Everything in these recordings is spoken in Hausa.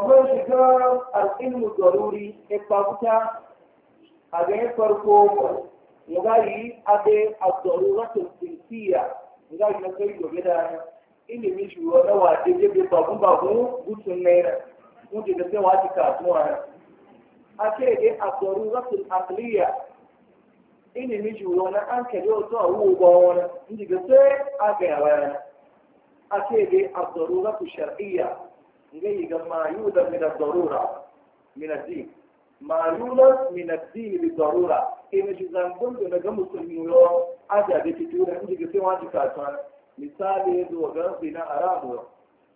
domin shigar al'ilmu zaruri ifafuta a ganin farko ngayi ade a zaruratul sinsiya ngayi na kai gobe da ilimin shi wa na waje jebe babu babu gutsun naira kuke da sai waje kasuwa na a ce dai a zaruratul a a جاي ما يوجد من الضرورة من الدين ما يوجد من الدين بالضرورة إن جزان كل نجا مسلمين أجا بكتورة إن جزان واجب كاتوان مثال يدو وغرب بنا أرامو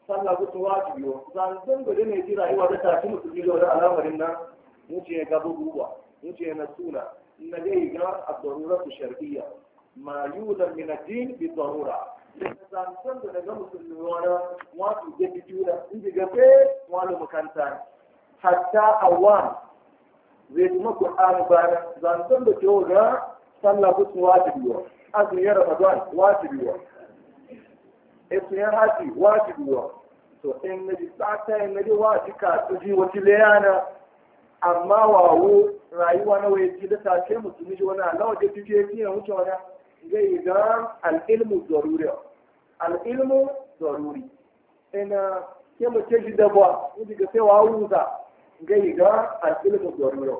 صلى قلت واجب يو زان كل نجا نجيرا إيوا بتاكي مسلمين ولا أرامو لنا نجي قبو بوبا نجي نسونا نجي الضرورة الشرقية ما يوجد من الدين بالضرورة zanton da daga musulmi wani wasu ya fi juna in ji gafe wani makanta hatta awan zai kuma ƙur'ani bayan zanton da ke ga sallah kusa wajibi wa ya ramadan wajibi wa esuyen haji wajibi wa to in na ji sata in na ji wajibi ka su ji wata layana amma wawo rayuwa na waye ji da sace musulmi wani alawa da fi fiye fiye wuce wani zai yi ga al'ilmu zaruriya al'ilmu zaruri ina ke mu ce shi dabuwa inda ga sai wa wuza gai ga al'ilmu zaruri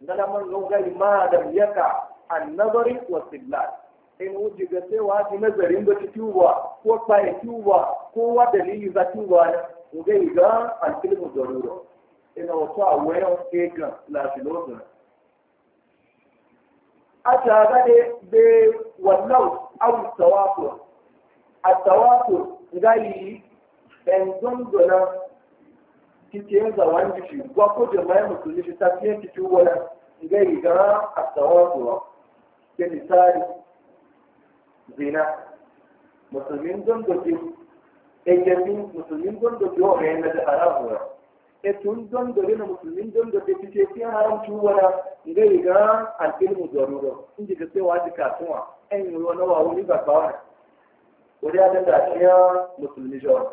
na da man zo gai ma da yaka annabari wa sillat in wuce ga sai wa shi nazarin ba ci tuba ko tsaye tuba ko wa dalili za tuba ne gai ga al'ilmu zaruri ina wato a wayan egan lafilosu a tare da wannan abu tawafin التواتر ngayi انزون دونا كتير زوان جشي وكو جماعي مسلمي تاكين كتير ولا غاي غا التواتر كمثال زنا مسلمين دون zina, musulmin don da biyo ga yana da wa e tun don da musulmin don ki ce haram ci wala ga ga alƙilmu zaruro in sai wa ji kasuwa en yi wani wa ba wani ya ta shiya musulmi shawar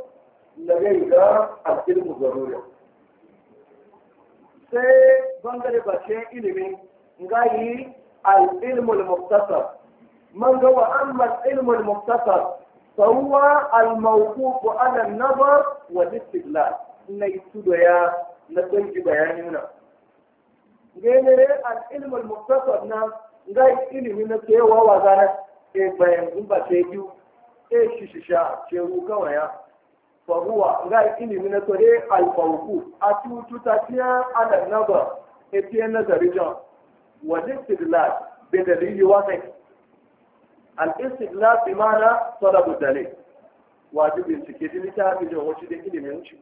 na zai ga alfil muzaruriya sai bangare bashe ilimin ga yi alfil mulmuktasar man ga wa'ammar ilmul muktasar sauwa almaukuku ana nabar wa distigla na isu da na tsanki bayani na genere al ilmul muktasar na ga ilimi na kewa wa zara e bayan gumba ce biyu e eh, shishisha ah, ceru ya. Ah. Faruwa ga ilimi na tore alfauku a tututa tiya ah, ala nazar e tiya eh, nazari jan wa istidlal bi dalili wasai al istidlal bi mana talabu dalil wajibin cike da littafi da wacce da ilimin shi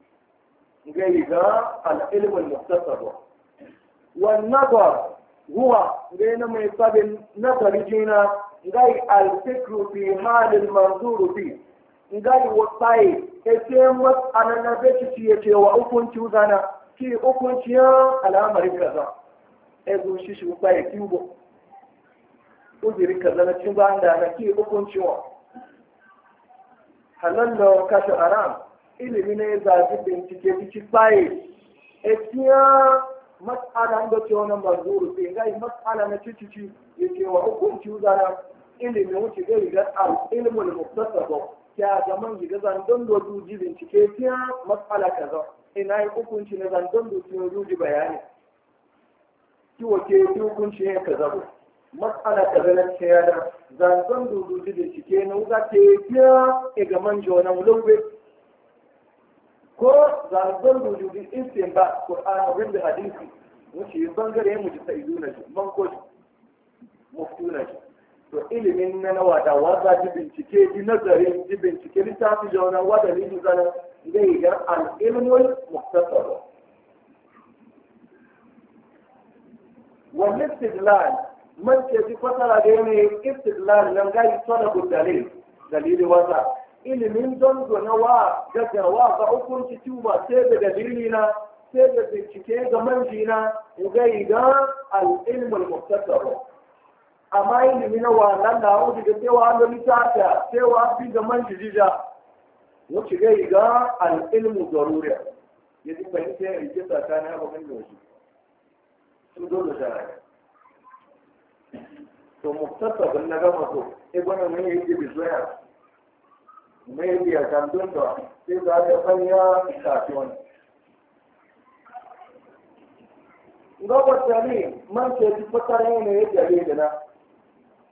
gai ga al'ilmin muktasarwa wannan nazar huwa gai na mai sabin nazari jina ngai alfikru fi halin manzuru bi ngai wasai ete mas anana beki ci yake wa hukunci uzana ki hukunci ya al'amari kaza e zo shi shi wasai kiwo uzuri kaza na cin banda ki hukunci wa halal da kashe haram ilimi ne zazi bincike biki tsaye etiya mas'ala da ce wani manzuru sai ngai mas'ala na cicici yake wa hukunci uzana ilimin wuce ga riga al-ilmul muktasab ya ga man giga zandon do duji bincike fiya matsala kaza ina yi hukunci na zandon do sun duji bayani ki ke yi hukunci ne kaza ba matsala kaza na cikin zan zandon do duji bincike na wuga ke fiya e ga man jona wulobe ko zandon do duji istin ba qur'an da hadisi wuce bangare mu ji sai duna ji man ko ji to ilimin na wata wata ji bincike ji nazarin ji bincike littafi da wani wata ne ji zanen zai ga al'ilmul muktasar wani istidlal man ke ji fasara da yanayin istidlal nan ga yi tsada dalil dalilin wata ilimin don gona wa gaggawa ga hukunci tuba sai da dalili na sai da bincike ga manjina ga yi ga al'ilmul muktasar amma ilimi na wannan da hau daga cewa da littafiya cewa fi da man jijija wuce gai ga al'ilmu zaruriya ya ji fahimta ya rike na abokan da wasu sun zo da shara to muftasa bin na gama so ibana mai yake bisoya mai yake ya kantun da sai za ta fanya kasuwan Gaba tare man ce ci fasara yanayi da na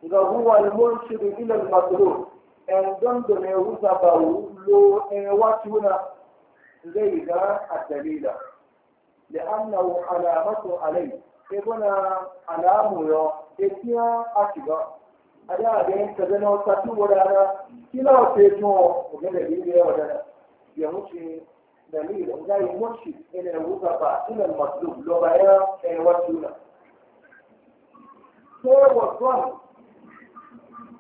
إذا هو المنشد إلى المطلوب أن دندن يوزبه لو إيواتنا ليلة الدليلة لأنه علامة عليه إبنا علامة يو إتيا أكبر ada abin ka zana wata tun wadana kila wata yi tuwa wajen da biyu ya wadana e ya wuce dalilin zai murshi ina wuta ba ina masu lo bayan ɗaya wasu na. Sai wasu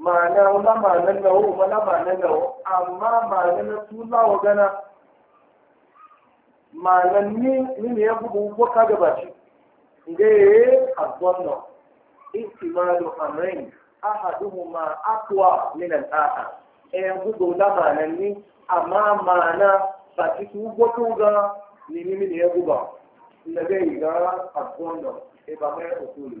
ma'ana la ma'anar gawo ma la ma'anar gawo maana na su lawa gana ma'anar ni ni ya gubu ko ka gaba shi ga yayi azwanna ihtimalu amrayn ahaduhuma aqwa min al-akhar eh, ni amma ma'ana ga ni ni ne ya ga ga e eh, ba mai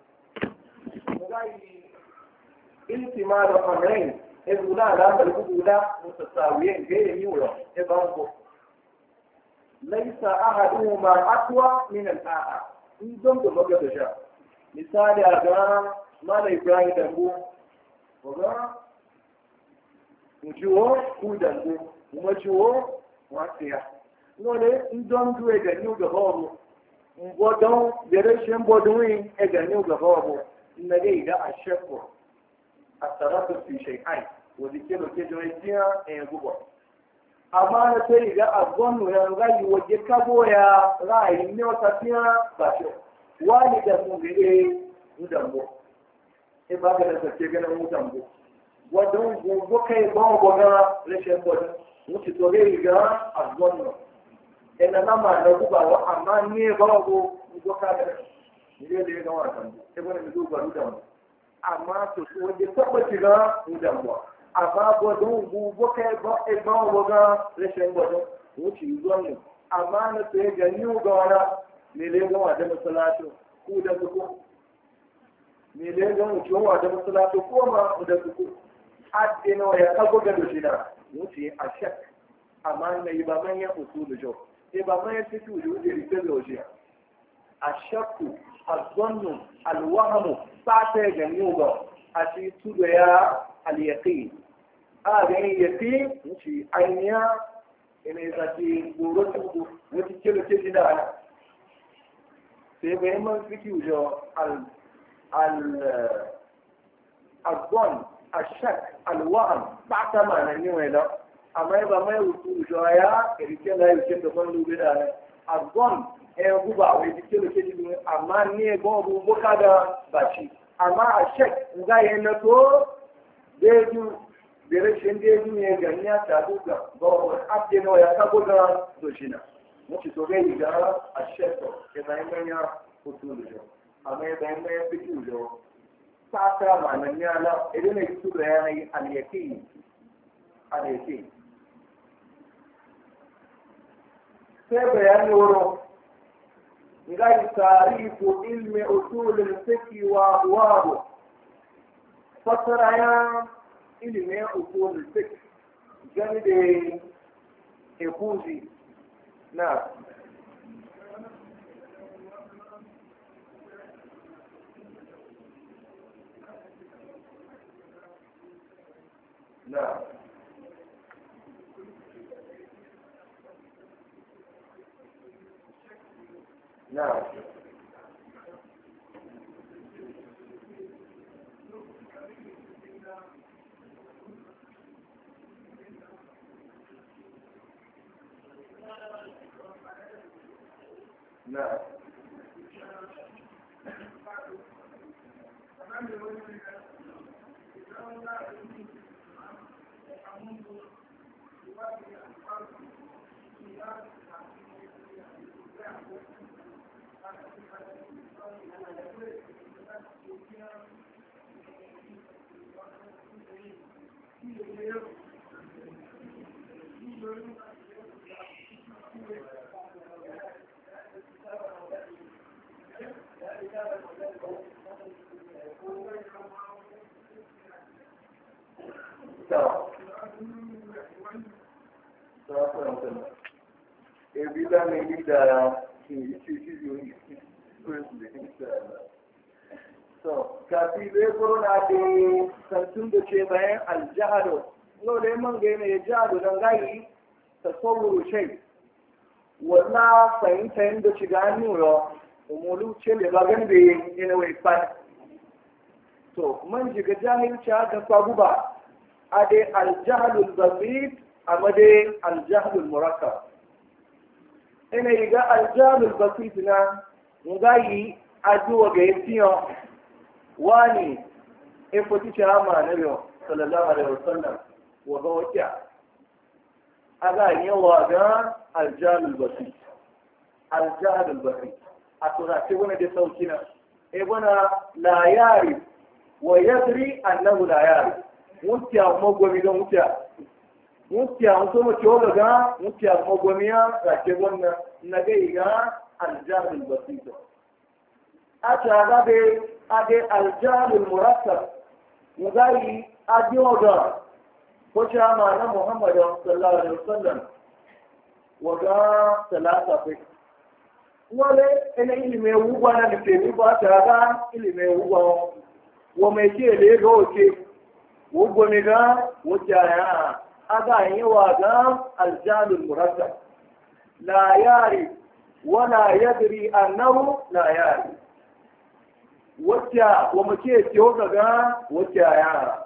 intima da amrain ya guda da ba ku guda mutasawiyen ga ya yi wuro e ba ku laisa ahadu ma atwa minan al aha in don da baka da sha misali a ga mala ibrahim da ku ga njuo ku da ku kuma njuo wa tiya wone in don duwe ga ni ga ba ku in bodon da rashin bodon yin ga ni ga ba ku in da ga a shekwa ke في شيئين وذكر كجويتيا يغبو amma na sai ga agbonu ya rai waje kabo ya rai ne wata fiya ba shi wani da mu gire mu e ba ga da ke ga mu wadan gogo kai ba go ga rashin bodu mu ci to ga agbonu ina na ma na ku ba amma ne ba go go ka ga ne da ga wa kan e ba ne mu ba amma su su wajen taɓa shiga damuwa amma gwadon gugu kai ba a ba wa ga rashin gwadon wuce zuwa ne amma na sai ga ni ga wala ne le ga wa da masalatu ku da ku ne le ga wuce wa da masalatu ko ma ku da ku adde na ya kago ga doshi na wuce a shak amma na yi ba manya da jo e ba manya fitu jo je rike lojiya a shakku a الظن الوهم fata ga nuba a ci tuga ya aliyaki yaqin a ga yin yaqin shi ainiya ina ya zafi goro tugu wata kilo ke gida ana sai man fiki wujo al al-azwan al-shak al-wa'an ma nan yin wai da amma ba mai wuce wujo ya irike na da ban lube da E guba a wai dike da ke jibi amma ne gwa bu muka da baci amma a shek za ya na to deju da rashin deju ne gani ya ga gwa abde na ya a shek to ya zai manya hutu da jau amma ya zai ya la ngai taarifu ilmi usuli siki wa wabo fasaraya ilime usuli siki jande e huzi na No. now. Evliler neydi daha? Şimdi çeşit yönü. So, kafi zai furu na ke santun da ce bayan aljahado. Nau da yamman ga yanayi jahado don gayi tasawuru shai wala fahimta da ci gani yau umulu ce da ba da yin yana wai fani to man jiga jahilci haka sabu ba a dai aljahalul basit a madai aljahalul muraka ina yi ga aljahalul basit na ngayi aduwa ga yafiyo wani efoti ci ma na yau sallallahu alaihi wasallam wa ga wakiya أغاني واغان الجهل البسيط الجهل البسيط دي بصوتنا ابنا لا يعرف ويدري أنه لا يعرف متى مغومي دون متى متى مصوم تشوغا متى مغوميا راكبنا نجيغا الجهل البسيط أتى أبي أبي الجهل المركب مغاي أديوغا kwace ma na muhammadu sallallahu alaihi wasallam waga talata fi wale ina ilime wugwa na nufe ni ba ta ga ilime wugwa wa mai ke le ga oke wugwa ne ga wacce ya aga yi wa ga aljanul murassa la yari wala yadri annahu la yari wacce wa mace ce ga wacce ya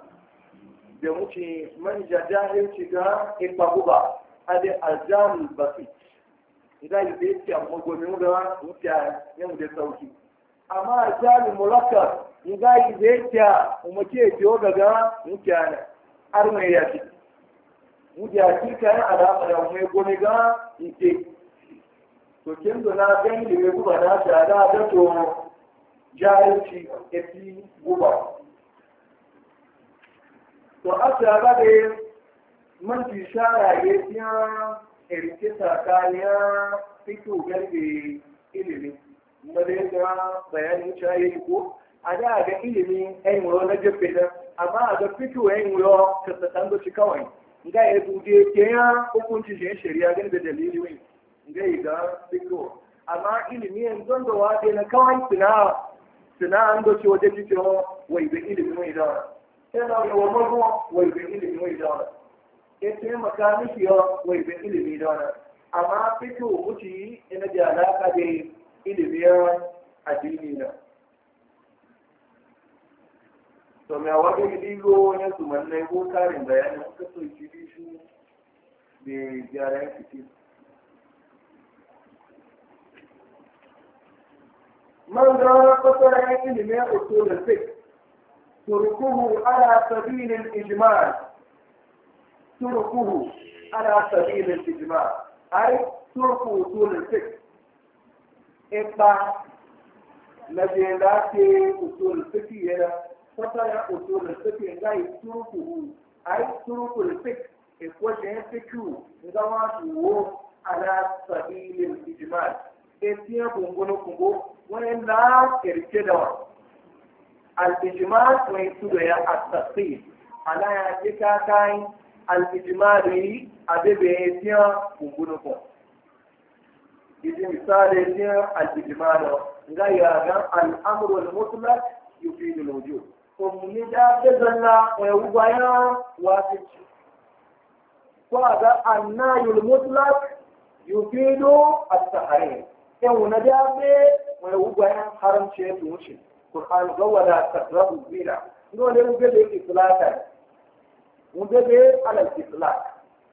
da wuce manja jahilci ga ikpaguba ade aljahul basit idan yi da yake amma gomi da wuce yan da sauki amma aljahul mulakar idan yi da yake umarke biyo daga wuce ne har mai yaki wuce yaki kayan alaƙa da mai gomi ga ike to kin zo na gani da mai guba na shi a da to jahilci ya fi guba من في شارع يتيا الكسا كايا فيتو قلبي إلمي مدينة بيان مشاهي لكو أدا أغا إلمي أي مرو نجب بيدا أما أغا فيتو أي مرو كستان دو شكاوين نغا يدو دي تيا وكون تجين شريا غن بدليل وين نغا يدا فيتو أما إلمي أنزون دو واتي نكاوين سنا سنا أندو شو دي تيو ويبه إلمي ويدا yana yawon ruwan ilimi wani ya taimaka miki yawan waibin ilimi da wani amma fito wuce ina da alaƙa da ilimin addini na to mai wani iligo ya zumannai ko karin bayanin ka so ki bi shi da gyaran fiti man ga fasarar ilimin usulun fiqh تركه على سبيل الإجمال تركه على سبيل الإجمال أي ترك وصول الفكر إبا لجلات أصول الفكر هنا فترى أصول الفكر أي تركه أي ترك الفكر إخوة فكر نظرات على سبيل الإجمال إتيا كنغو كنغو وإن لا إرتدوا الإجمال ما يسوع يا التفصيل أنا يا جيكا كاين الإجمالي أبي بيتيا وبنوكو يجي مثال يا الإجمال غير الأمر المطلق يفيد الوجود ومن إذا بزلنا ويوبايا واجب وهذا النهي المطلق يفيد التحريم يوم نجابي ويوبايا حرم شيء وشيء qur'an ga wala taqrabu zina no ne mu bebe islata mu bebe ala islat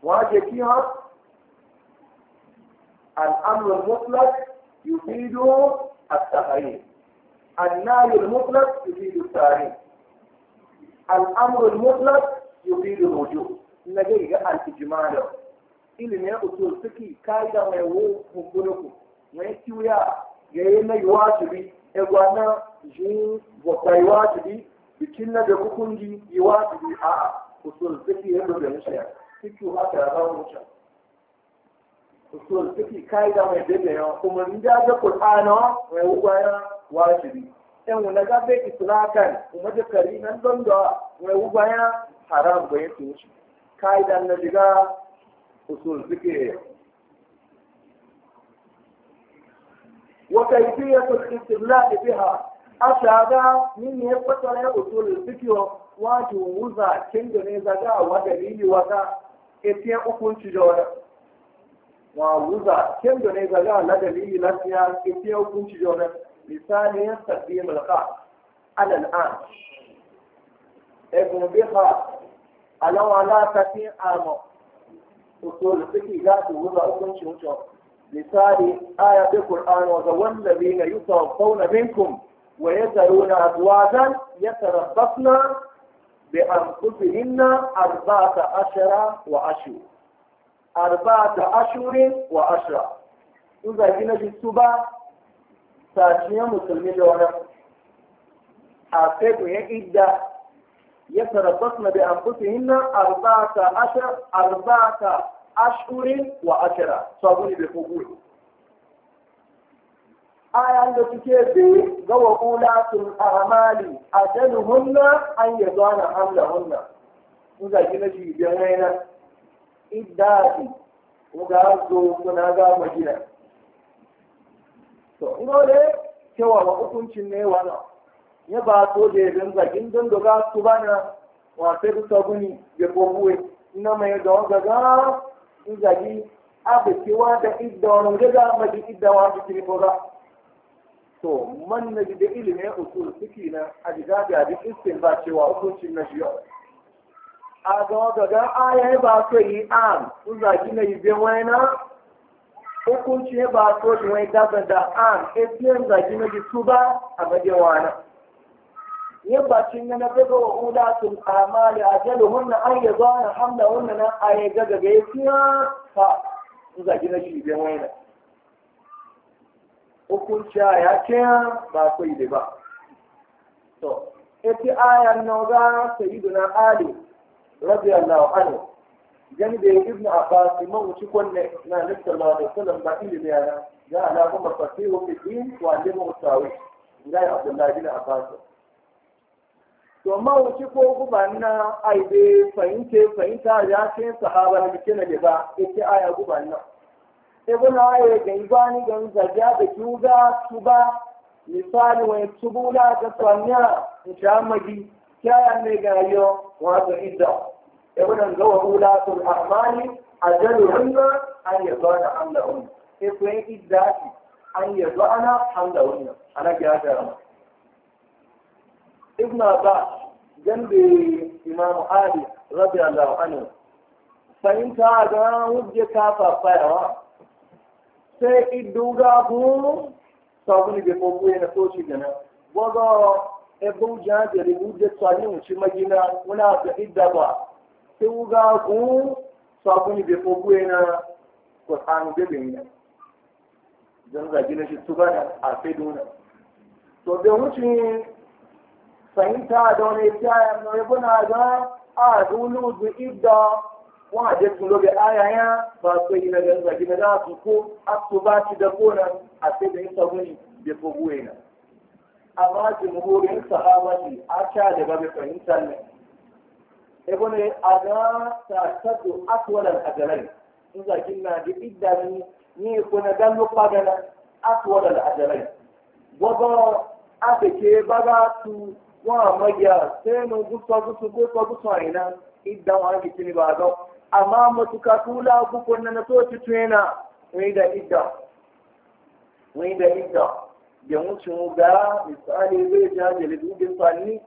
wa je ki ha al amr al mutlaq yufidu al tahrim al nahy al mutlaq yufidu al tahrim al amr al mutlaq yufidu al wujuh nage ga al ijmal ilimin usul suki kaida mai wo hukunuku mai kiwya ya yi mai wajibi egwana jin wakwai wajibi bikin na da hukungi yi wajibi a usul fiki ya da nishiya fiki ma ta zama wuce usul fiki kaida mai daga yawa kuma ni da ga qur'ana mai ugwaya wajibi yan wani gabe islakan kuma da kari nan don da mai ugwaya haram ga yake wuce kaida na diga usul fiki وكيفية الاستدلال بها أشهد من يفتر أصول الفكر وجوزا كندني زكا ودليل وكا إتيا أكون تجارة وجوزا كندني زكا لدليل لسيا إتيا أكون تجارة لسان تقديم القاء على الآن ابن بها ألو على تكين أمو أصول الفكر لا توزا أكون تجارة مثال آية في القرآن الَّذِينَ يتوفون منكم وَيَتَرُونَ أزواجا يتربطنا بأنفسهن أربعة عشر وعشر أربعة أشهر وعشرة إذا جينا في السبا ساشيا مسلمين لونا حافظ يئدا يتربصن بأنفسهن أربعة عشر أربعة ashhurin wa Ashera, so aguni be kugulu aya da suke bi ga wa ulatul ahmali ajaluhunna an yadana hamlahunna mun ga gina shi biyan wayna iddati mun ga zo kuna ga magina to ngole cewa wa hukuncin ne wana ya ba so da yin zagin don da ga su bana wa sai su sabuni ya kofuwe ina mai ga gaga izagi abekewa da idda wani gaza maji idda wani kirifo za to man na da ilimin usul suke na a jiga da abin istin ba cewa hukuncin na biyu a ga gaga aya ba so yi an izagi na yi biyan wani na hukunci ba so yi wani gaza da an etiyan zagi na ji ba a majewa na yabacin na rago wa hula sun kama da ajalu hunna an yi zuwa hamda hunna na a yi gaga gina shi bai wani hukunciya ya ce ba ku yi ba to ita ayan na za ta yi duna ali rabi allahu anu gani da ibnu abbas ma wuci kwanne na nufin ba da sallan ba ilimi ne yana ya ala kuma fasihu fi din wa alimu mutawi abdullahi bin abbas to wuce ko guba na aibe fahimce fahimta ya ce sahaba da ke na ba ita aya guba na ibn aya ga ibani ga zaga da juga tuba misali wani tubula ga tsanya jamagi kaya ne ga yo wato idda ibn ga wa ulatul ahmani ajalu hunna an yadana amlahum ibn idda an yadana amlahum ana ga da ibn abbas jambe imam ali radiyallahu anhu fahimta ga wujje kafa fayawa sai iduga bu sabuni be fofu yana so shi gana wago ebo jaje da wujje tsani mu shi magina muna ga idda ba sai wuga bu sabuni na shi a fahimta da wani kiyayen mai buna ga a dulu da idda wa je sun lobe ayaya ba su yi na ganza gina da su ko a su ba shi da gonan a sai da yin sabuni da fogoye na amma jimhurin sahabati a sha da ba bai fahimtar ne a ga ta tattu aswalan ajalai in zakin na da idda ni ni kuna dan lokpa da aswalan ajalai gogo a ke baga su wọn àmọ́jà sẹ́nu gúsọ́gúsù kó a àyìnà ìdáwọn àgbètì ní bàbá àmọ́ mọ̀túkà tó láàbùkọ̀ nana tó na yẹn ci wọ́n wai da idda. Wai da idda. ìdá jẹun mu ga misali zai ja jalibu bin mu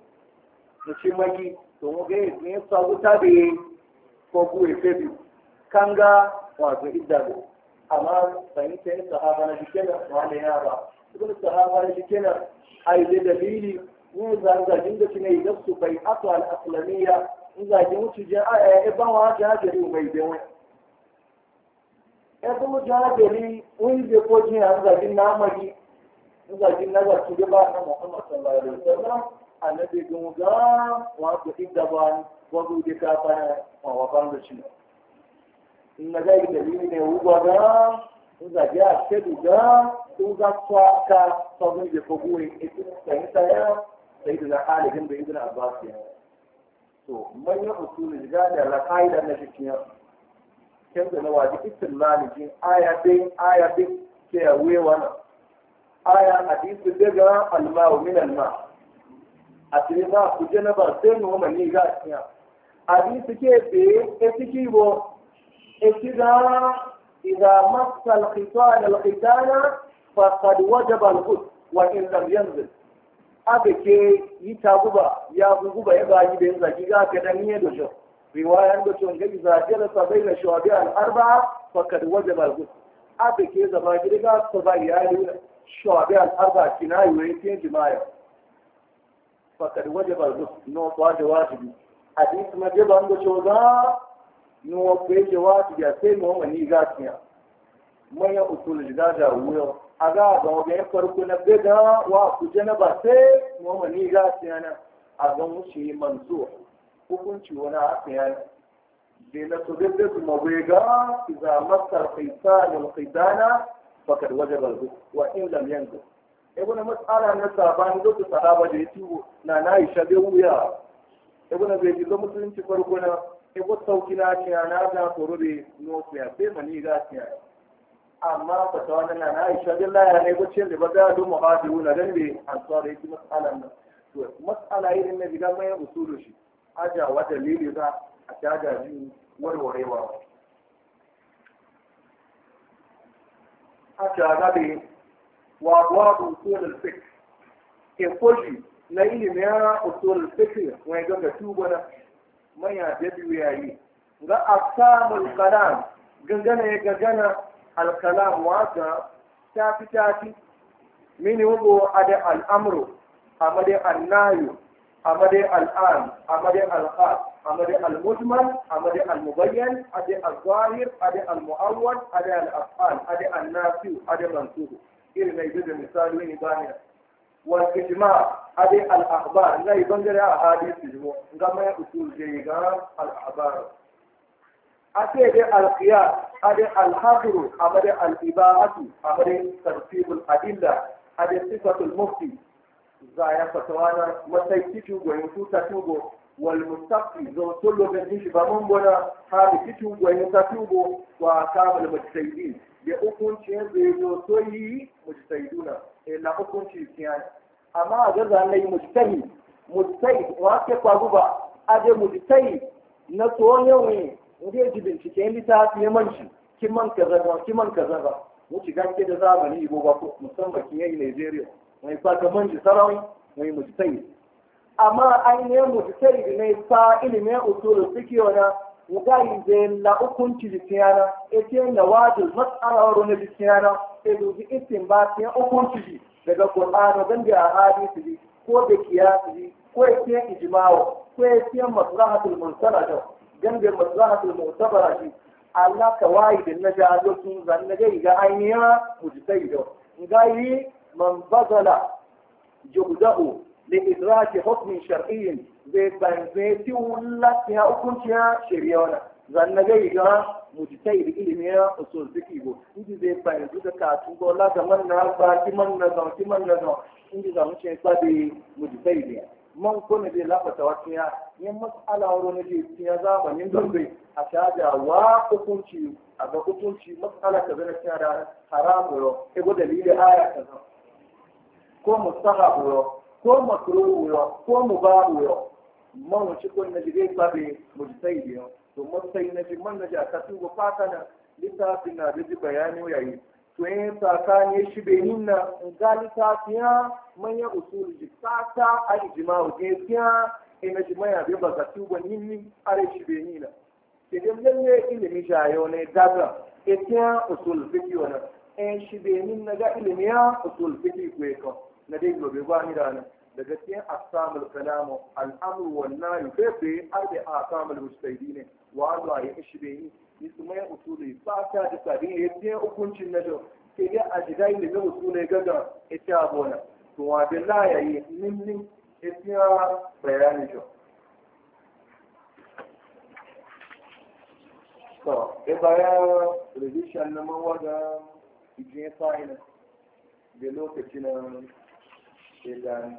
mutum magi to mu ga yadda ya sọ́gúsà da ko kuwa febi kanga wato idda da amma fahimta yin sahaba na jikina ne yara ibn sahaba na jikina ai da dalili ne zargajin da tunai da su bai ato al'asulamiya in zage mutu a ya ebe wa jajiri mai bewa ebe mu jajiri wani da ko jin a zagin namari in zagin na zarki da ba na muhammad sallallahu alaihi wasallam annabi gun ga wa ku ba ka shi na ga ne ga in a shedu ga in ka sabon da ko sayyidina Ali bin Ibn Abbas ya to manyan usulul gada la qaida na shi kin da waji istilali jin aya bin aya bin ke wewa aya hadisi daga al-ma'u min al-ma asiri ba ku janaba sai mu mani ga ke be etiki bo اتذا مس الختان الختان فقد وجب الغسل وإن لم ينزل aka ke yi ta guba ya fi guba ya ba yi da yin zaki ga ka dan yi dojo riwayar da shi ga iza jira sabai na shawabi al arba fakad wajaba al ghusl aka ke zaba girga to ba ya yi shawabi al arba yi wai ke fa fakad wajaba al ghusl no ba da wajibi hadis ma da ban da shoga no ba da wajibi sai mu wani gaskiya maya usul da da wuyo Aga ga ga farko na bida wa kuje na ba sai muhammani ga tiyana a zan wuce manzo hukunci wani a tiyana bai na su bida su mawai ga za masar kaisa da kaidana fakar waje balgo wa in lam yanzu e wani matsala na sabani zo su sahaba da ya ciwo na na yi shabe wuya e wani bai jizo musulunci farko na e wata sauki na tiyana da tsoro da notiya sai mani ga tiyana amma fatawa na aisha bin laya ne gocin da baga don muhajiru na dan da ansar yake mas'ala nan to mas'ala irin na diga mai usulu shi aja wa dalili za a taga biyu warwarewa aja ga bi wa wa usul fiqh ke koji na ilimin ya usul fiqh wai ga ga tubana manya da biyu yi ga asamul kalam gangana ya gangana alkalam waka tafi tafi mini wugo ade al'amru amade annayu amade al'an amade al'ad amade al-mujmal amade al-mubayyan ade al-zahir ade al-mu'awwad ade al-af'al ade an-nafi ade mansub irin ne da misali ne bani wal ijma ade al-akhbar yi bangare a hadisi mu ngama usul je ga al-akhbar ake da alkiya ade alhadru amade alibahatu amade tartibul adilla ade sifatul mufti Za ya zaya fatawana matai kitu goyin tuta tugo wal mustaqi zo tollo ga dishi ba mun bona hali kitu goyin tuta tugo wa kamul mujtahidin ya hukunci yanzu zo soyi mujtahiduna eh la hukunci kiyan amma a ga zanai mujtahid mujtahid wa ke kwaguba ade mujtahid na tsohon tsoyon zai ji bincike littafi ya manci kin man kaza ba kin man kaza ba mu shiga ke da zamani ibo ba ko musamman kin yayi Nigeria mai fata manci sarawi mai mujtai amma ainihin mu da mai fa ilimin usul fiqh wana mu ga yin la hukunci litiyana ete na wajil mas'ala wa runa litiyana e dubi istinbat ya hukunci daga Qur'ani dan da hadisi ko da kiyasi ko ete ijma'u ko ete maslahatul munsalaja gambe mazahatul mu'tabara ji Allah ka wayi da na ja lokin zan na ga ga ainiya mu ji sai do gayi man bazala juhdahu li idraki hukmi shar'i be ban be ti ulla ti hukunci ya shari'a zan na ga ga mu sai da ilimiya usul fiqi go inji be ban da ka tu go la da man na ba ki man na da ki man na da inji da mu ce sabi mu ji sai ne man ko ne la fa tawakkiya yin matsala wani cikin ya zamanin gurbe a shaja wa hukunci a ga hukunci matsala ta zana cikin da haramuro gwada lili aya ta zan ko mustahaburo ko wuro, ko mu ba man wuce kun na jirgin babe mujtai biyu to mutsai na ji man na ji a kasu ba fata na littafin na da ji bayani yayi to yin tsakani shi benin na ga littafiya manyan usul ji fata a ijima'u gaskiya ina ji maya bi ba zatu ba ninni are shi be ni na ke dem dem ne ne daga etiya usul fiki wana en shi be ni ga ilimi ya usul fiki ko ko na dai gobe ba ni rana daga cikin asamul kalamu al'amru wan nahi fefe arbi asamul mustahidine wa arba ya shi be ni ni su mai usuli ba ta da sabi ya ce hukuncin na da ke ga a jidai ne ga usule gaga ita bona to wa billahi yayi ninnin gaskiya bayani jo to e baya revision na mawaga ijin fa'ina da lokaci na idan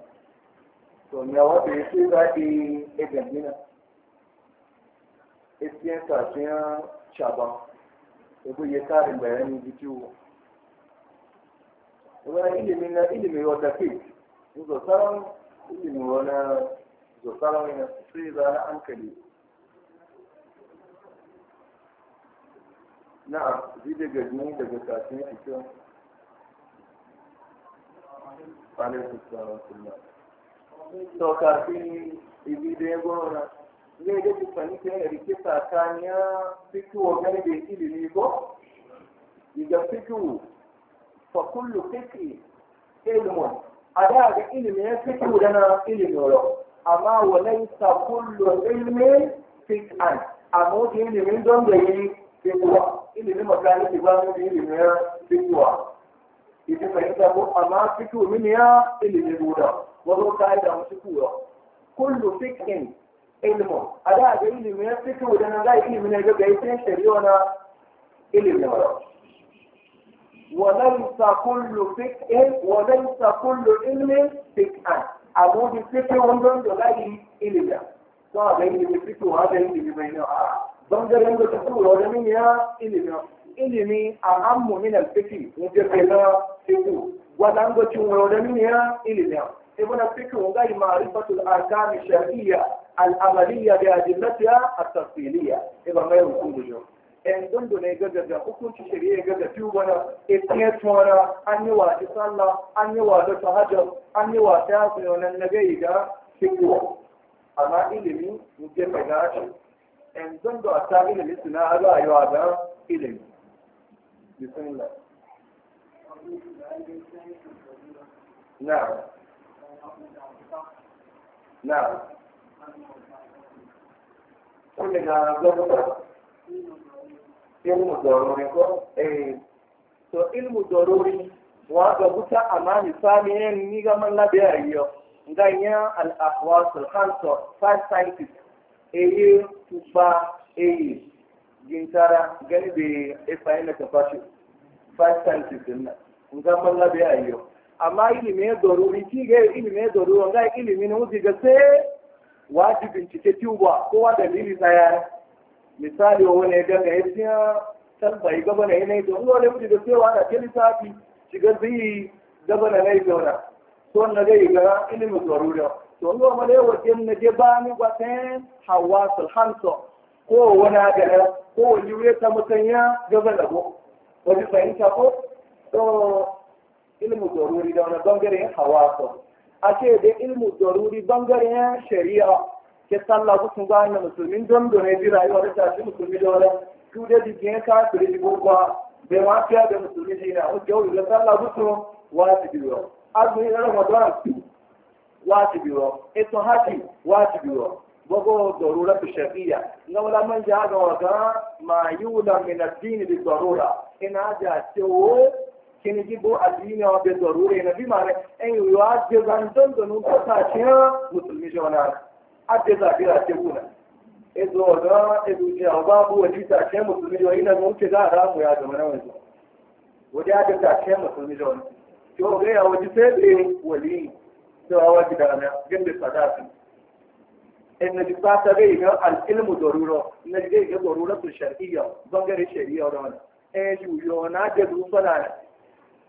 ya wata ya ce zaɓi e gandina iskiyar sashen shaban ya kuyi karin bayani jikiwo wani ilimin na ilimin wata fi in zo ilimi wani zokara mai sai za na hankali na zai daga jini daga kafin cikin kwanar kusurwa kuma to kafin ibi da ya gona zai da kifani ta yi rike tsakaniya fitowa gani da ilimi ko daga fitowa fa kullu fiqi ilmun a da ga ilimi ya fi da na ilimin yau amma walai sa ilimi ilmi an, amma wata ilimin don da yi fiqwa ilimin makaliki ba mu ilimi ya fiqwa ita fahimta ko amma fiqo min ya ilimin guda wato kai da musu kuwa kullu fiqin ilimi a da ga ilimin ya fiqo da na ga ilimin ya ga gaisen shari'a na ilimin yau وليس كل فقه وليس كل علم فقها أبو بفقه وندن دلائي إلمي صعب إلمي بفقه هذا إلمي بينها بندر يندو تقول ولمن يا إلمي إلمي أهم من الفقه مجرد فقه ولنجو تقول ولمن يا إلمي ابن الفقه وغير معرفة الأركان الشرعية العملية بأدلتها التفصيلية ابن غير كل يوم ɗan dundu ne ga gaga hukunci shari'a ga gafi wani etiye tuwara an yi wa sallah an yi wa da an yi wa ya yasu yaunan na gai ga kiwo amma ilimi nke mai gashi en dundu a ta ilimi suna a rayuwa da ilimi bismillah na na kullum na zama ilmu daruri ko eh to ilmu doruri, wa ga buta amani sami ne ni ga man labe ayo nganya al aqwas al khamsa five sciences eh tuba eh gintara gani be e fa'ina ta fashi five sciences din nga man labe ayo amma ilimin doruri, ki ga ilimin daruri nga ilimin wuzi ga sai wajibin cike tuba kowa dalili tsaya misali wa wani ga ga yasiya talbai ga bana yana da wani wani da cewa ana ke lissafi shiga zai da bana nai zauna to na dai ga ilimin zarura to ruwa ma dai wajen na je ba ni ba sai hawa sulhanso ko wani ga ko wani wuri ta mutanya ga bana ko wani fahimta ko to ilimin zaruri da wani bangare hawa so a ce da ilimin zaruri bangaren shari'a ke sallah ku sun ga na musulmin don don ne jira yi wani tashi musulmi da wani su da jikin ka su da jikin ba bai ma fiya da musulmi shi na o jawo da sallah ku sun wajibi ro azumi da ramadan wajibi ro eto haji wajibi ro bogo darura tu shafiya na wala man ja ga waga ma yula min ad-din bi darura ina ja cewo kini jibo addini wa bi darura ina bi mare en yuwa je ban don don ko ta ciya musulmi jona ake zaɓe a ke kuna ezo ga ezo ke a babu wani tashe musulmi yau ina muke za a ramu ya zama na wanzu wani ake tashe musulmi yau yau ga ya wani sai da wali cewa wani dana ganda sadaki in na jisa ta bai ga al'ilmu doruro na jigai ga doruratu shari'a bangare shari'a da wani eh juyo na da dusana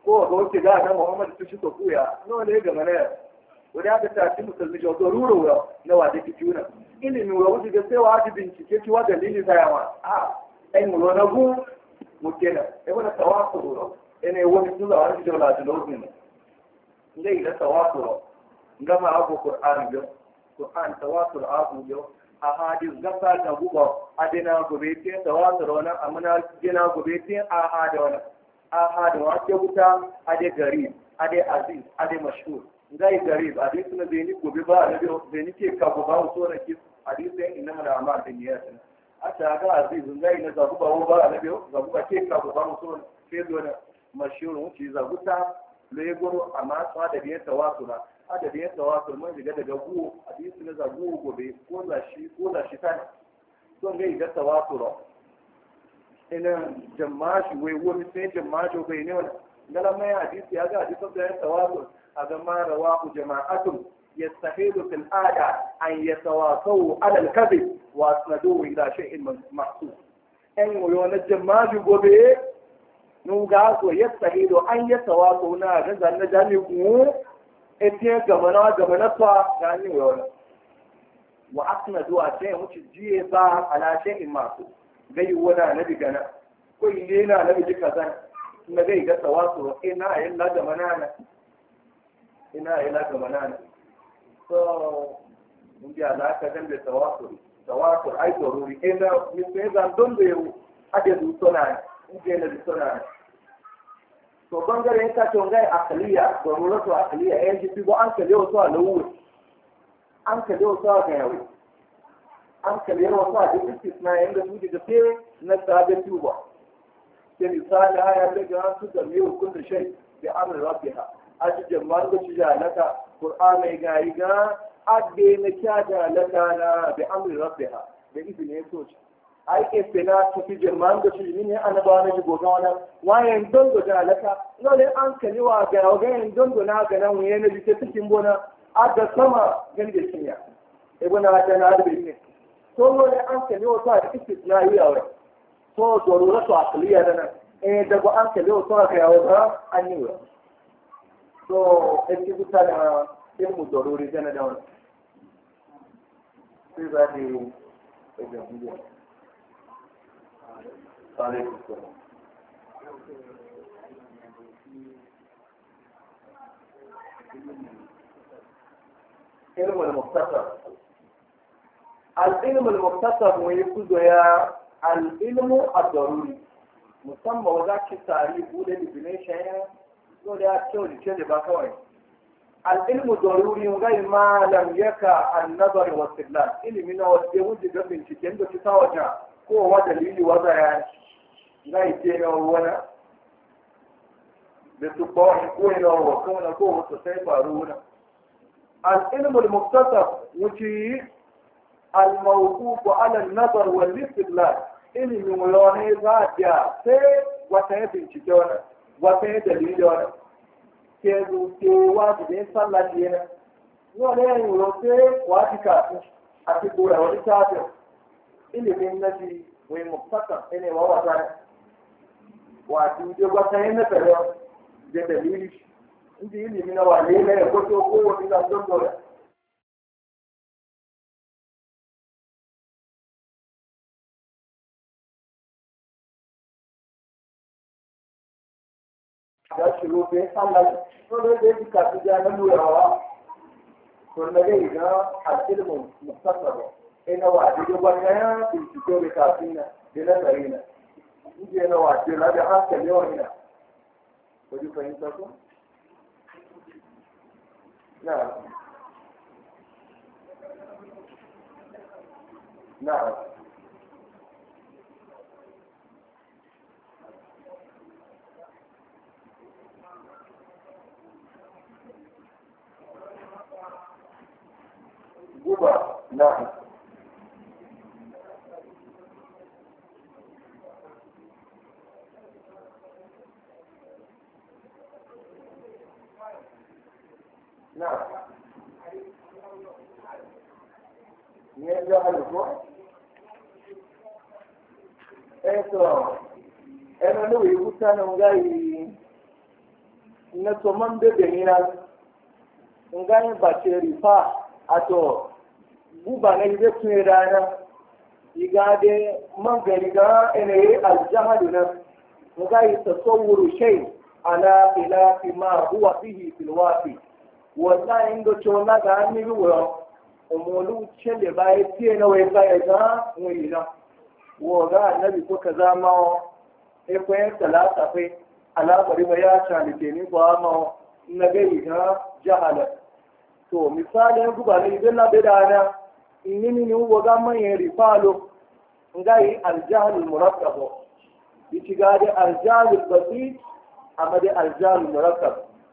ko ga wuce za a ga muhammadu su shi ko kuya nawa ne ga mana guda da tafi musulmi jau zaruru wa na wajibi juna ilimi wa wuce ga sai wajibi bincike ki wa dalilin ta yawa a ai mu ro na gu mu kenan ai wala tawasu ro ene wani tula wa ji dawla da lokin ne ila tawasu ro ngama abu qur'an jo qur'an tawasul abu jo a hadis gasa ta a adina gobe te tawasul na amana gina gobe ce a hada wani. a hada wa ke buta ade gari ade aziz ade mashhur ngai garib hadisi na zai ni gobe ba a zai ni ke kafa ba wasu na ke hadisi yan inna mana amma da niyya sun a ta ga aziz zai na zagu ba ba a biyo zagu ba ke kafa ba wasu wani ke zo mashirin mashirun wuce zagu ta legoro a masu adadi ya tawasu na adadi ya tawasu man shiga daga guwo hadisi na zagu gobe ko na shi ko na shi ta son ngai ta wasu ra ina jama'a shi wai wani sai jama'a shi bai ne wani galamai hadisi ya ga hadisi da ya tawasu أما رواه جماعة يستحيل في الآية أن يتواصوا على الكذب وأسندوه إلى شيء محسوس أن ينجم ما جبه nuga so ya an ya na ga zanna jami ku ete gama na gama na fa ga ni wa jiye ba ala masu gai na bi gana, ko na na bi na gai ga tawasu ina yin la manana. ina ina ga manana so mun bi alaka kan da tawakkul tawakkul ai daruri ina mi sai zan don da yau ade du tona inde na du tona to bangare ta to ngai akliya darura to akliya eh ji bi an kale wasu alawu an kale wasu ga yau an kale wasu a duk istisna na su da fe na sabe tuba ke misali haya daga su da yau kun da shay bi amr rabbiha ajijin wanda ci jalaka qur'ani ga yi ga adde na kya jalaka na bi amri rabbiha da ne ya soci ai ke fela ta fi jirman da shi ne an ba na jigo Wa wannan wayan dongo da alaka lole an kali wa ga wayan dongo na ga nan wayan da take cikin bona a da sama gani da kinya ibn adam na da ne to lole an kali wa ta na yi aure to dorura to aqliya dana eh da ba an kali wa ta ga ba an yi so ake kusa da ilmu daruri gane da wani sai za da yi ɗaga biyu tsare kusa ilmu muktasar al-ilmu al-muktasar mu yi kuzo ya al-ilmu al-daruri musamman wadda ki tari bude definition so da ya kyau jike ne ba kawai al'ilmu daruri gai ma lam yaka annabar wasillan ilimi na wasu wuce ga binciken da wata wajen kowa dalili waza ya gai je na wani da su ba wani wa kawai ko wasu sai faru wuna. al'ilmu muktasar wuce al-mawqufu ala an-nazar wal-istidlal ilimi wani za a sai wata ya bincike wani wata ya dalili wani ke zo ke waji ne sallah ke nan yau ne yin rote waji kafin a ci gora wani tafin ilimin na shi wai muftakan ne wa wata ne wato je wata yi na tare da dalili shi inda ilimi na wale ne ya kwato kowane zan don dole. ló fẹ́ sálàyé ẹgbẹ́ ti kàtúndé anáwó rẹ̀ wá. mùsàtàbọ̀ rẹ̀ Níbi tẹ̀lé ọ̀rìn Ojú fẹ̀yìn Náà. Náà. نعم نعم يرجع الأسبوع eto ẹnu ní òye wúta ní nga yìí ní tó máa ń bèbè uba na ibe tun rana da man gari ga enayi aljahalu na ga yi tasawuru shay ala fi ma huwa fihi fil waqi wanda to na ga ni ruwa umulu ba bai tie na wai ga ga wani na wo ga annabi ko za ma e ko ya talata fe ala bari ba ya chalike ni ba ma na ga yi ga jahala to misali guba ne idan na na nini ni huwa gama yin rifalo ngai aljahalul murakkabo bici gade aljahalul basit amma dai aljahalul murakkab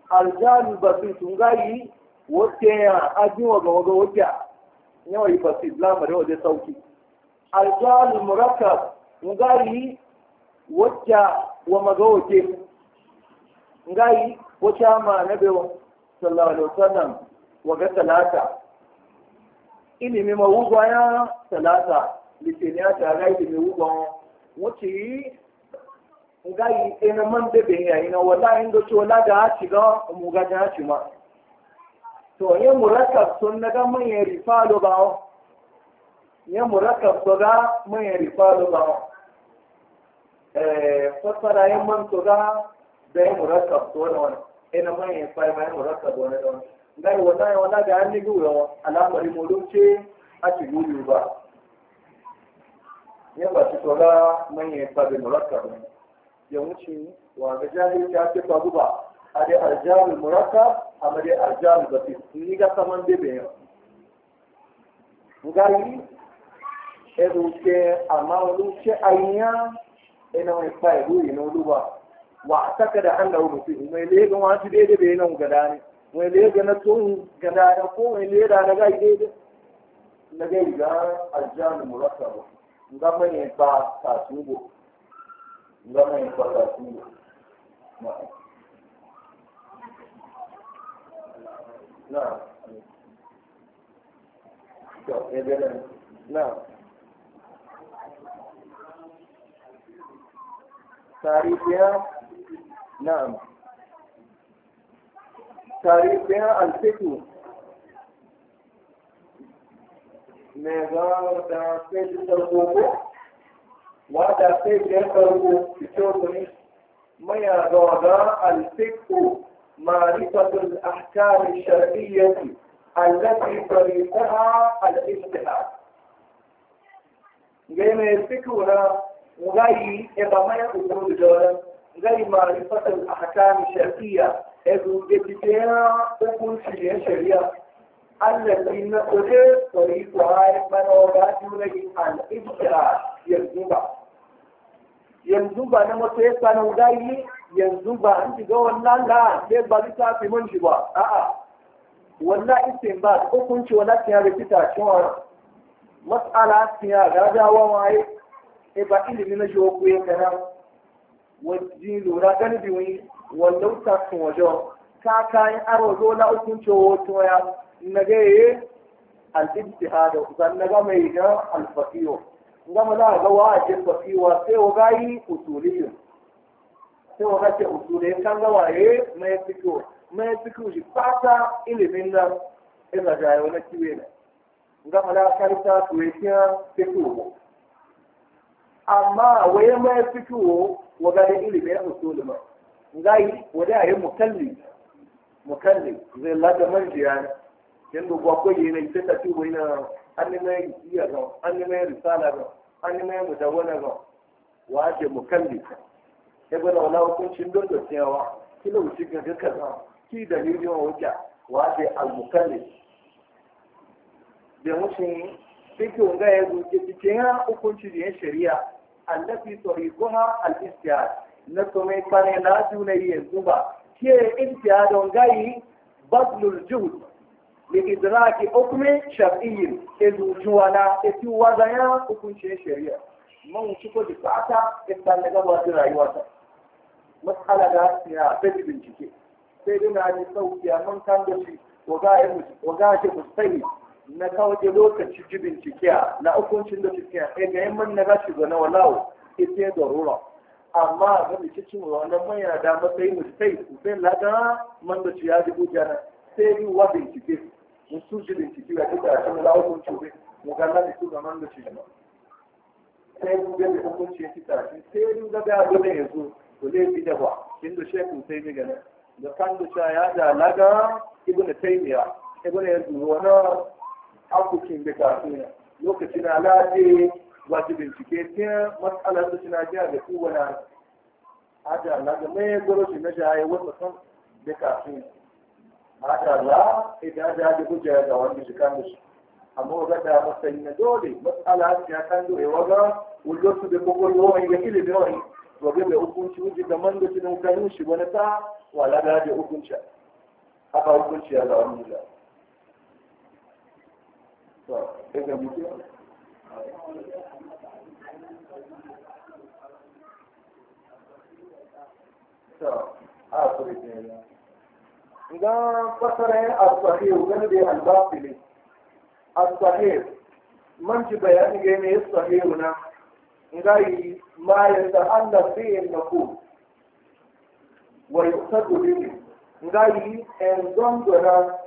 aljahalul basit ngai wote ya ajin waga waga wote yawa yi basit lamar yawa dai sauki aljahalul murakkab ngai wote wa maga wote ngai wote ma na bewa sallallahu alaihi wasallam waga talata ilimi ma wugwa ya talata litini ya tara ilimi wugwa wuce yi ga yi ina man bebe ya ina wala in do ci wala da ga mu ga da haci ma to ya murakkab sun naga man ya rifalo ba ya murakkab to ga man ya rifalo ba eh fasara ya man to ga da ya murakkab to da wannan ina man ya fa eh, ya murakkab wannan ngai wala yawa na ga ni gura alamari moloce a ci guri ba ya ba ci tsora manye ba da murakkab ya wuce wa ga jahil ta ce ba ba a dai murakka a ma dai arjal basit ni ga saman de be ngai eduke amma oluce anya ina mai fa edu ina oluba wa ta kada an da wuce mai le wele ga gana tun ga da ko wele da na ga ide na ga ga ajjan murakkab nga mai ba ta tubo nga mai ba ta tubo na e na na tarihiya na'am تاريخها الفتنة نظام تعطيل الحقوق وتعطيل الحقوق بشغل ما يضع الفقه معرفة الأحكام الشرعية التي طريقها الاجتهاد. جاي من الفقه هنا وغاي إبا ما يقول جولا معرفة الأحكام الشرعية ẹ̀rù gbẹ̀gbẹ̀ ẹran okùn ṣẹ̀ríà alẹ́bí na ojú sọ̀rọ̀ ipò ààrẹ pẹ̀lú ọ̀rọ̀ ajú rẹ̀ àti ìjìyà yanzuba yanzuba na mọ́tò ya sanu dáyé yanzuba an shiga wannan da ya ba bi ta fi mun ba a'a wannan isin ba hukunci wannan tiya da kita cewa mas'ala tiya ga dawa waye e ba ilimi na jokuye kana wajen lura gani biyu wallau ta sun wajo ka kayan aro zo na ukun cewa ya na gaye al-ibtihadu zan naga mai ga al Nga ngama za ga wa a jin faqiwa sai wa yi usuliyun sai ga ce usuliyo kan ga waye mai fiqo mai fiqo shi fata ilimin nan ina ga yau na kiwe ne ngama la karta tuwe kiya fiqo amma waye ma ya fitowo wa gane ilimi ya usul ma ngai wada ya mukalli mukalli zai lada manjiya yan dubu ko yi ne ta tafi wai na anime iya ga anime risala ga anime ga wa ake mukalli ebe na hukuncin don da tsayawa kila wuce ga ki wa wuce wa ake da mutum sai ya zuke cikin hukunci da shari'a allati tariquha al-istihad na to mai na tuna yanzu ba ke istihad don gayi badlul juhd li idraki hukmi shar'iyyin ezu juwana etu wazaya hukuncin shari'a mun ci ko da fata idan daga ba rayuwa masala da ya ta bincike sai dai na ji sauki a man kan da shi waga ya mutu waga ya na kawaje lokaci ji bincike na hukuncin da suke a ɗaya yayin man na gashi ga na walawo ita ya zarura amma ga da cikin wannan man yana da matsayi mutai sai laga man da ya dubu jana sai yi wa bincike mu su ji bincike ga duka a cikin lawakon cube mu ga na su ga man da ci jana sai mu ga da hukunci ya fita shi sai yi ga ga gane yanzu to zai fi da ba inda shekun sai mi gane da kan da ya da laga ibnu taymiya ibnu yanzu wannan hakukin da kafina lokacin na laje wata bincike ta matsalar da suna jiya da kowane hada na da mai gwaro shi na jaye wata san da kafina hada za idan da da guja ga wani jikan da shi amma wata da matsayi na dole matsala ya kan dole waga wajen su da kokoro wani ya da ilimin wani wajen da hukunci wajen da man da shi na hukanin shi wani ta wala da da hukunci haka hukunci ya ga wani jikan to daga ga fasarai al-sahih gani da al-batili al-sahih man ji bayani ga ne sahih na ngai ma yata'alla fi an-nuqul wa yuqtadu bihi ngai en don dona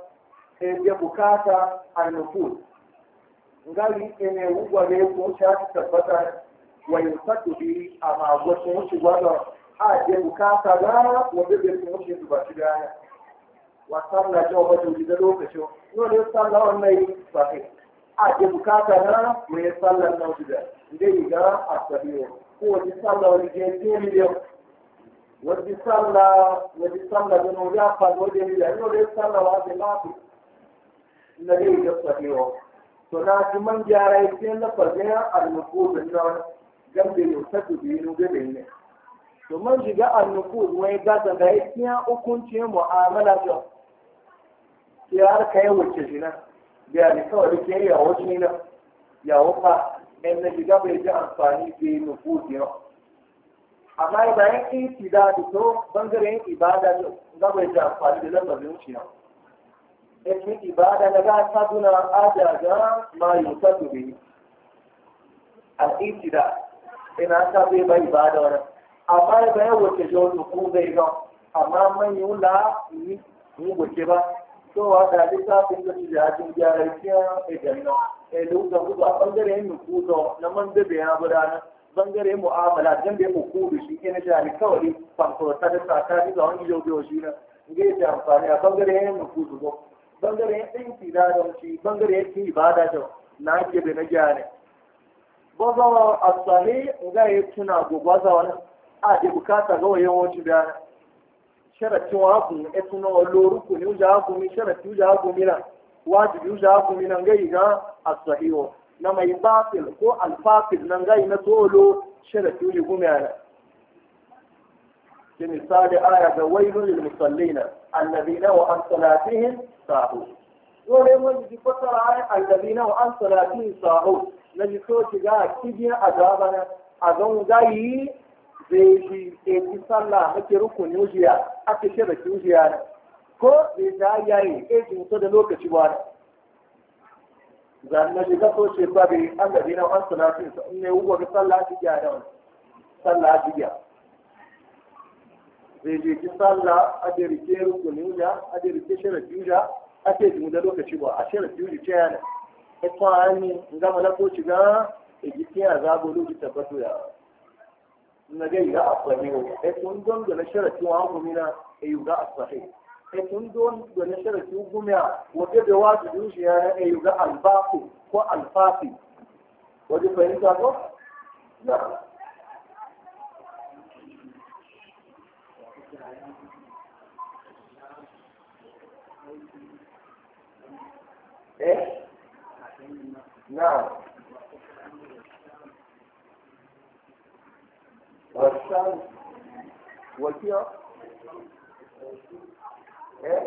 e bukata al-nuqul ngali ene ugwa be ko ta tabbata wa yusatu bi ama amma ko mutu gwada ha je ka bukata ga be be ko mutu ba shi gaya wa sallah jo ba to da lokacin no ne sallah wannan ke a je bukata na mu ya sallah na wuda dai ga asabiyo ko ji sallah wani je mi wa ji wani wa ji sallah da no ya fa go wani ya no ne sallah wa de ma ku na dai ga sahiyo to na ci man gyara ya ce na fargaya al-nuqud na gambe ne ta dubi da yi ne to man shiga al-nuqud wai ga da ga ya hukunci mu'amala ta ya har kai wuce shi na da ni kawai ke ya wuce na ya fa, in na shiga bai ji amfani da nuqud ne amma bayan itida da to bangaren ibada ga bai ji amfani da lafazin shi na ẹni ìbáadá lọ́gá sádúnà ájàgá máa yóò sọ́tò bí Àìsìdá ina sábẹ́ bá ìbáadá rẹ̀. Àmá ẹgbẹ́ ẹ̀wò tẹ̀jọ́ òkú bẹ́ẹ̀ lọ. Àmá mẹ́yìn ń la a ìwòkè bá. Tó wàá dà bí sáfì ń tọ́jú ìyá àti ìyá rẹ̀ ẹ̀jẹ̀ náà. Ẹ̀lú lọ na Bangare mu'amala dan bai ku ku shi ne da fanko ta da ta ta da wani yau da da amfani a bangare mu ku bangaren ɗinki na bangare bangaren ki ibada da na ke da na gyara gwagwa a tsari ga ya tuna gwagwaza wani a da bukata ga wayan wacce da sharatu wa ku ya tuna wa loruku ni uja haku mi sharatu uja haku mi nan wajibi uja haku mi ga yi ga a na mai batil ko alfatil nan yi na tolo sharatu uji gumiya nan. Ke misali aya ga wailun lil musallina الذين وعن صلاتهم ساهون dole mun ji fasara ai alladina wa an salatin sahu na ji so ki ga a azaba na azan gayi zai ji ke ki sallah ake rukuni ujiya ake shirya ki ujiya ko zai ta yayi ke ji mutu da lokaci ba na zan na ji ga so ce babe alladina wa an salatin sahu ne wuwa ga sallah ki ya da sallah ki ya zai je ki sallah a da rike rukunin ja a da rike juja, a ke jimu da lokaci ba a sharafi juji ce yana ita hannu na koci ga egipti a zago lokaci tabbato ya na ga yi ga afani wa e kun don ga na sharafi wa gumi na a yi ga afani e kun don ga na sharafi gumi a wata da wasu dushi ya na a yi ga albaku ko alfafi wajen fahimta ko? na eh na'am wasan wakiyo eh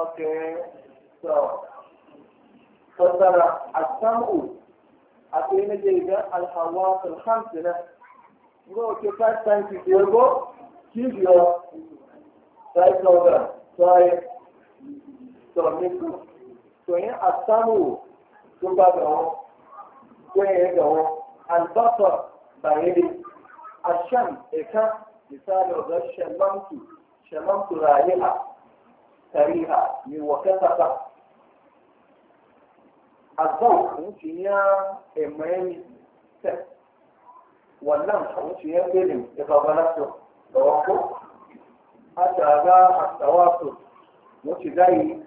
okay أقينا جيدا الحواس الخمسة له نقول كيفاش تنكي تيربو كيف يو سايد نوغا سايد سونيكو سوين أسامو كمبا غو سوين غو البصر بعيد الشم إكا مثال غير شمامتو شمامتو رايحة كريهة من وقتها azan kun ci ya emeni te wannan kun ci ya bele da babalato da wako hata ga hasawato mu ci dai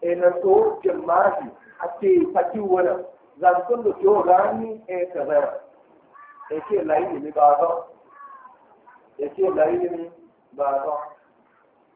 ena to jama'i ate fati wala zan kun do yo gani e kaza e ke lai ni ba ba e ke lai ni ba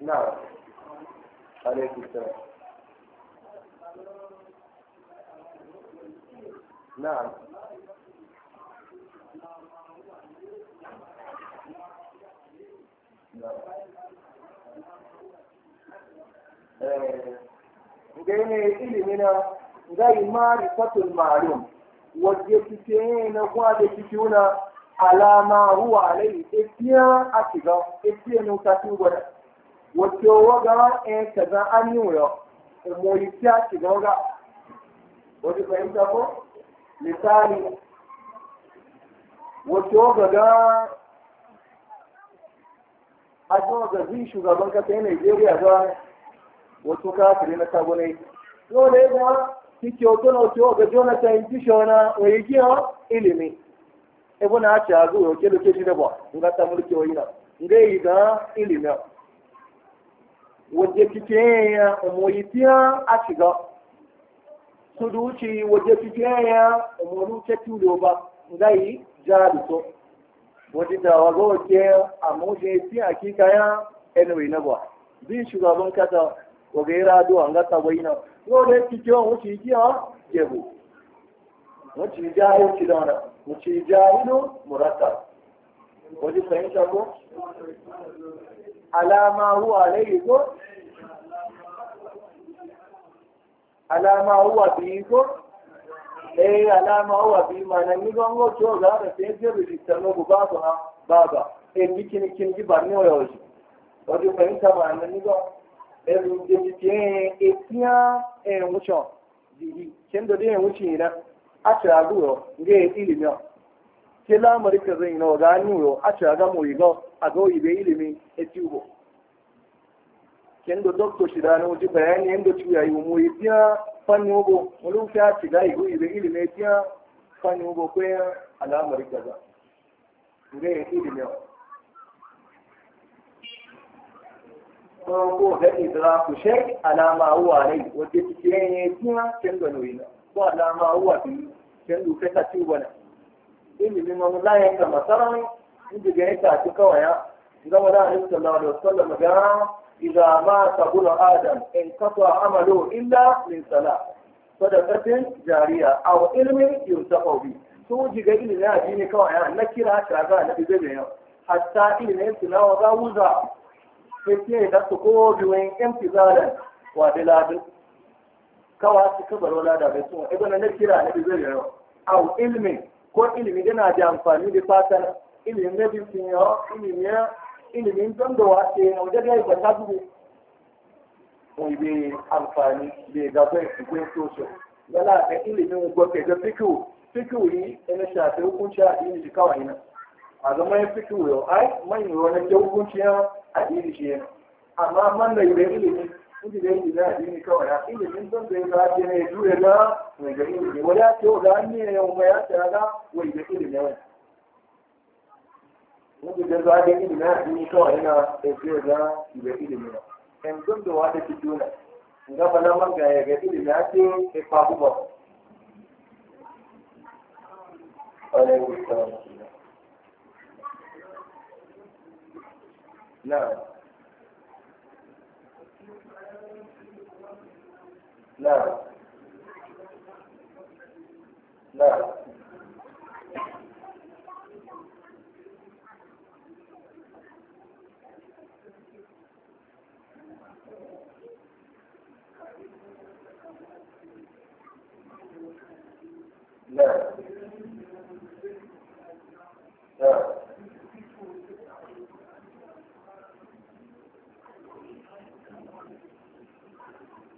نعم عليكم السلام نعم Gaine na alama huwa wato waga eh kaza an yi wuyo umuri ta ci a kuma ga zai shugaban kasa Najeriya ba wato kafiri na sabonai dole ga kike wato na wato ga Jonathan Kishona oyi kiyo ilimi ebo na acha azu ba nga ta yi ga ilimi waje cikin ya umoyi fiya a shiga su duci waje cikin ya umoru ta tudo ba zai jari so waje da wazo wace a muje fi a kika ya anyway na ba bin shugaban kasa waga yi raduwa ga tagwai na yau da yake wuce yi kiwa jebu wuce ja yi wuce da wani wuce ja yi no murata waje fahimta ko على ما a عليه على ما bụ? فيكم eh alama wa bi mana ni gongo to ga da je ha baba eh bikin kin ji bar ne wayo shi wato kan ta mana ni go eh ru je e tia e di do de a tra ke lamari ka zai na waga ni yo a ce ga a ga ilimi e ti ugo ken do doctor shi da na wuji bayani ci yi tiya fanni ugo wani a ci ga yi ilimi e fanni ya alamari ka za ga yi ilimi ko ga idraku shay alama ne wanda ci ken do alama ken do ka na ilimin wani layin ka masarar inda ga ya tafi kawai ya zama da alaihi sallallahu alaihi sallama ga idza mata bunu adam in qata amalo illa min salat sadaqatin jariya aw ilmin yuntaqu bi su ji ga ilimin addini kawai ya na kira ka ga na bibe ne hatta ilimin nawa za wuza sai da su ko biwen imtizalan wa diladin kawai su kabarola da bai sun ibn na kira na bibe ne aw ilmin ko ilimi yana da amfani da fatan ilimin na bisin yawa ilimin ilimin don da wace na wajen ya yi ba ta zuwa wai bai amfani bai gaba ya shigo ya soso yana da ilimin gwafe ga fikiu fikiu yi ina shafi hukunci a ɗin shi kawai nan a zama ya fikiu yau ai manyan wani ke hukunci a ɗin shi amma man da yi da ilimin inda da yake za a ji kawai a ilimin za a ne juya na mai da ilimi wani ya ce wani an niyya yau mai ya tsaya na wai da ilimi wanda da za a ga ilimi na ne kawai yana ɗauke da da ilimi na yanzu da wata man ga ya ga ilimi ce ba لا لا لا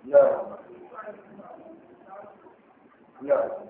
لا لا Yeah.